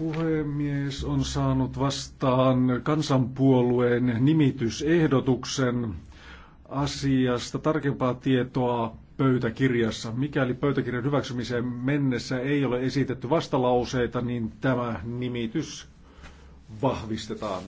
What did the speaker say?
Puhemies on saanut vastaan kansanpuolueen nimitysehdotuksen asiasta tarkempaa tietoa pöytäkirjassa. Mikäli pöytäkirjan hyväksymiseen mennessä ei ole esitetty vastalauseita, niin tämä nimitys vahvistetaan.